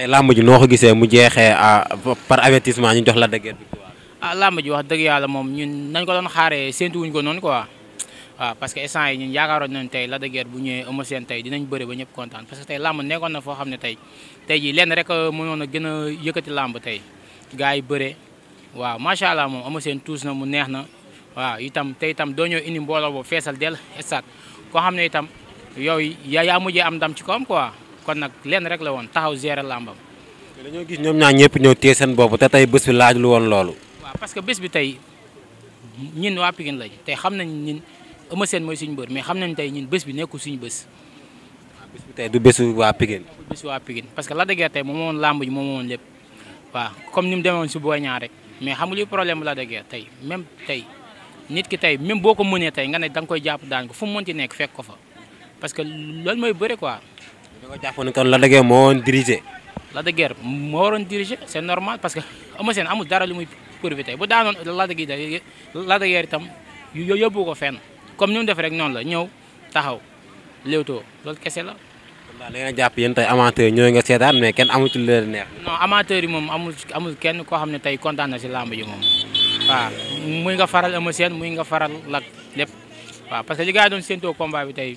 tey làmb ji noo ko ah, la dëgg ah làmb ji wax dëgg yàlla moom ñun nañ ko doon xaaree séntuwuñ tey la dëgg bu làmb nekkoon na foo xam ne tey tey jii rek euh, mënoon a gën a yëkkati làmb tey gars yi bëre waaw macha allah moom Eumeu Sène tuus na mu neex na waaw itam tey itam doo ñëw indi mbooloo boobu feesal dell stade koo xam ne itam yow yaa mujjee am ndam ci kawam quoi kon nag lenn rek la woon taxaw gérer làmbam. te dañoo gis ñoom ñaar ñëpp ñëw téye seen bopp te tey bés bi laajul woon loolu. waaw parce que bés bi tey ñun waa Pikine lañ tey xam nañ ñun Eumeu Sène mooy suñu mbër mais xam nañ tey ñun bés bi nekkul suñu bés. waaw tey du bésu waa Pikine. nekkul waa Pikine parce que la de tey moom woon làmb ji moom woon lépp waaw comme ni mu demee woon si Boy Niang rek mais xam nga li problème bu la de guerre tey même tey nit ki tey même boo ko mënee tey nga ne da koy jàpp daan ko fu mu mënti nekk fekk ko fa parce loolu mooy nga jàpp ne kon Lac de Guiers moo waroon diriger. Lac de Guiers c'est normal parce que Eumeu Sène amul dara lu muy profité bu daanoon Lac de Guiers Lac de Guiers itam comme ni def rek noonu la ñëw taxaw léewtoo loolu kese la. da ngeen jàpp yéen tey nga seetaan mais kenn amu ci lu leen neex. non amateur yi moom amul kenn koo xam ne tey kontaan na si làmb yi moom waaw muy nga faral Eumeu Sène muy nga faral Lac lépp waaw parce que li doon séentoo combat bi tey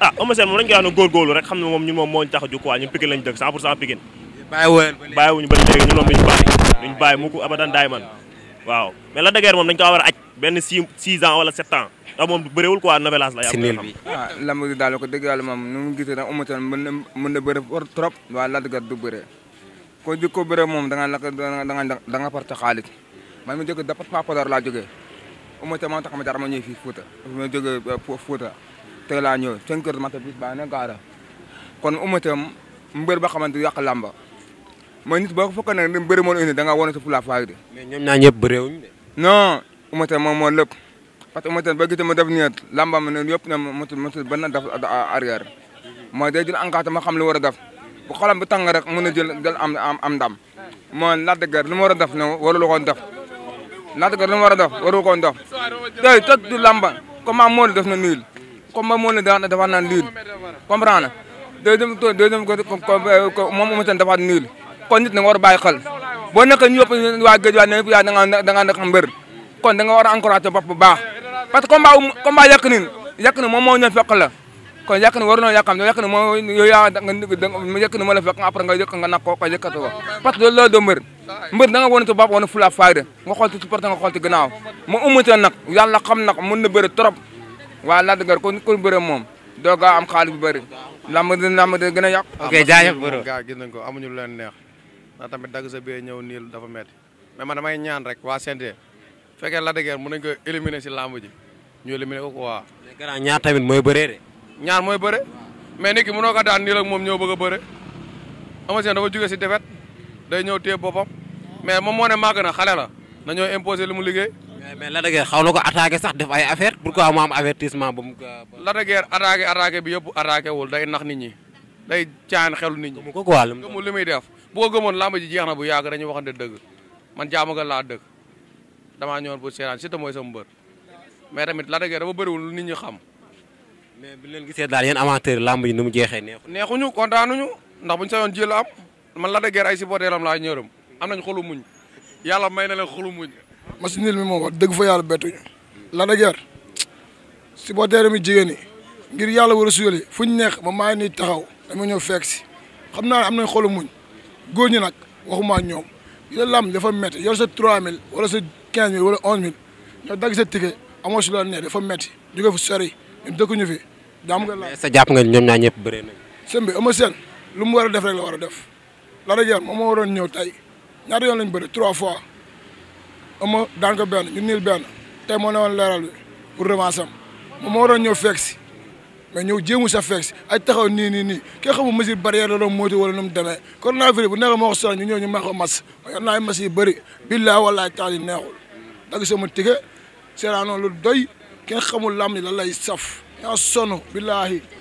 ah Eumeu Sène moom dañu koy wax ne góorgóorlu rek xam ne moom ñun moom moo ñu tax a jóg quoi moom duñu bàyyi duñu bàyyi mu moom dañ ko war a aj benn six six ans wala sept ans moom ah, ko dëgg yàlla moom nu mu gisee nag Eumeu Sène mën na mën na bëre war trop waaw la dëgër du bëre ko di ko bëre moom da nga lakk moo tax ma jar ma ñëw fii ma jógee euh, Fouta tey la ñëw 5 heures matin bis baa ne gaara kon umatam mbër ba xamante yàq làmba mooy nit boo ko fokk nag mbër moo indi da nga wane sa fulaa faay de. mais ñoom de. non umatam moom moo lépp parce que umatam ba gisee ma def nii làmba ma ne yëpp ne motul motul benn daf arrière mooy day jël encadré ma xam lu war a def bu xolam bu tàng mën a jël jël am am ndam mooy laajte gerte lu mu war a def ne warul ko def laajte gerte lu war a def warul ko def tey toj du làmba comment moo na niil. combat moo ne daan dafa naan liir comprendre kon nit nga war a bàyyi xel boo nekk ñu yëpp waa géej waa ne yaa kon da war a encouragé bopp bu baax parce que combat combat Yékini Yékini kon Yékini war noo yàqam Yékini moo yow yaa da nga Yékini nga yëkk nga nak ko ko yëkkati ko parce que loolu doo mbër mbër da nga wane nga xool ci nga xool ci gannaaw mu Eumeu Sène nag yàlla xam na bëri trop waa Lac de Guiers kon moom doo gaaw am xaalis bu bëri lamb dina lamb dina a yàq. ok jaajëf bërëm gaa gis nañ ko amuñu lu leen neex ndax tamit dagg sa bee niil dafa metti mais man damay ñaan rek waa CNG fekkee Lac de a mën nañ ko éliminer si lamb ji ñu éliminer ko quoi. mais grand ñaar tamit mooy bëree de. ñaar mooy bëre mais nit ki mënoo ko daan moom ñoo bëgg a bëre ama seen dafa jógee si defet day ñëw téye boppam mais moom moo ne màgg na xale la na ñoo imposer lu mu liggéey mais Lac de Guiers xaw na ko attaqué sax def ay affaire pourquoi mu am avertissement ba mu. Lac de Guiers attaqué attaqué bi yëpp attaqué wul day nax nit ñi day caan xelu nit ñi. ko quoi gëmul li muy def bu ko gëmoon làmb ji jeex na bu yàgg dañuy waxante dëgg man jaamu nga laa dëgg damaa ñëwoon pour seetaan Siteu mooy sama mbër mais tamit Lac de Guiers dafa bëriwul nit ñi xam. mais bi leen gisee daal yéen amateur làmb yi nu mu jeexee neexu. neexuñu kontaanuñu ndax buñ sañoon la am man Lac de Guiers ay supporteram laa ñërëm am nañ xolu muñ yàlla may na leen xolu muñ match nul mi moom wax dëgg fa yàlla bettuñu la da guerre mi jigéen ñi ngir yàlla war a suyali fu ñu neex ma maa ngi nii taxaw mu ñëw fekk si xam naa ne am nañ xolu muñ góor ñi nag waxuma ñoom la lam dafa métti yor sa 3000 wala sa 15000 wala 11000 ñoo dagg sa ticket amoo si la ne dafa métti jóge fu sori ñun dëkkuñu fi. daam nga la sa jàpp nga ñoom ñaa ñëpp bëree nañ. sëñ bi ama seen lu mu war a def rek la war a def la da moom moo waroon ñëw tay ñaata yoon lañ bëri trois fois. ama daan ko benn ñu niil benn tey moo ne woon leeral bi pour revanche am moom moo doon ñëw fekk si mais ñëw jéemu sa fekk si ay taxaw nii nii nii kii xamul mesure barrière la doon moytu wala nu mu demee kon naa firi bu neexee moo ko sonal ñu ñu maa ko mas ma yor naa mas yu bëri billaa walaay taal yi neexul dagg sama tike seeraanoo doy kenn xamul lam ni lay saf yaa sonn billaahi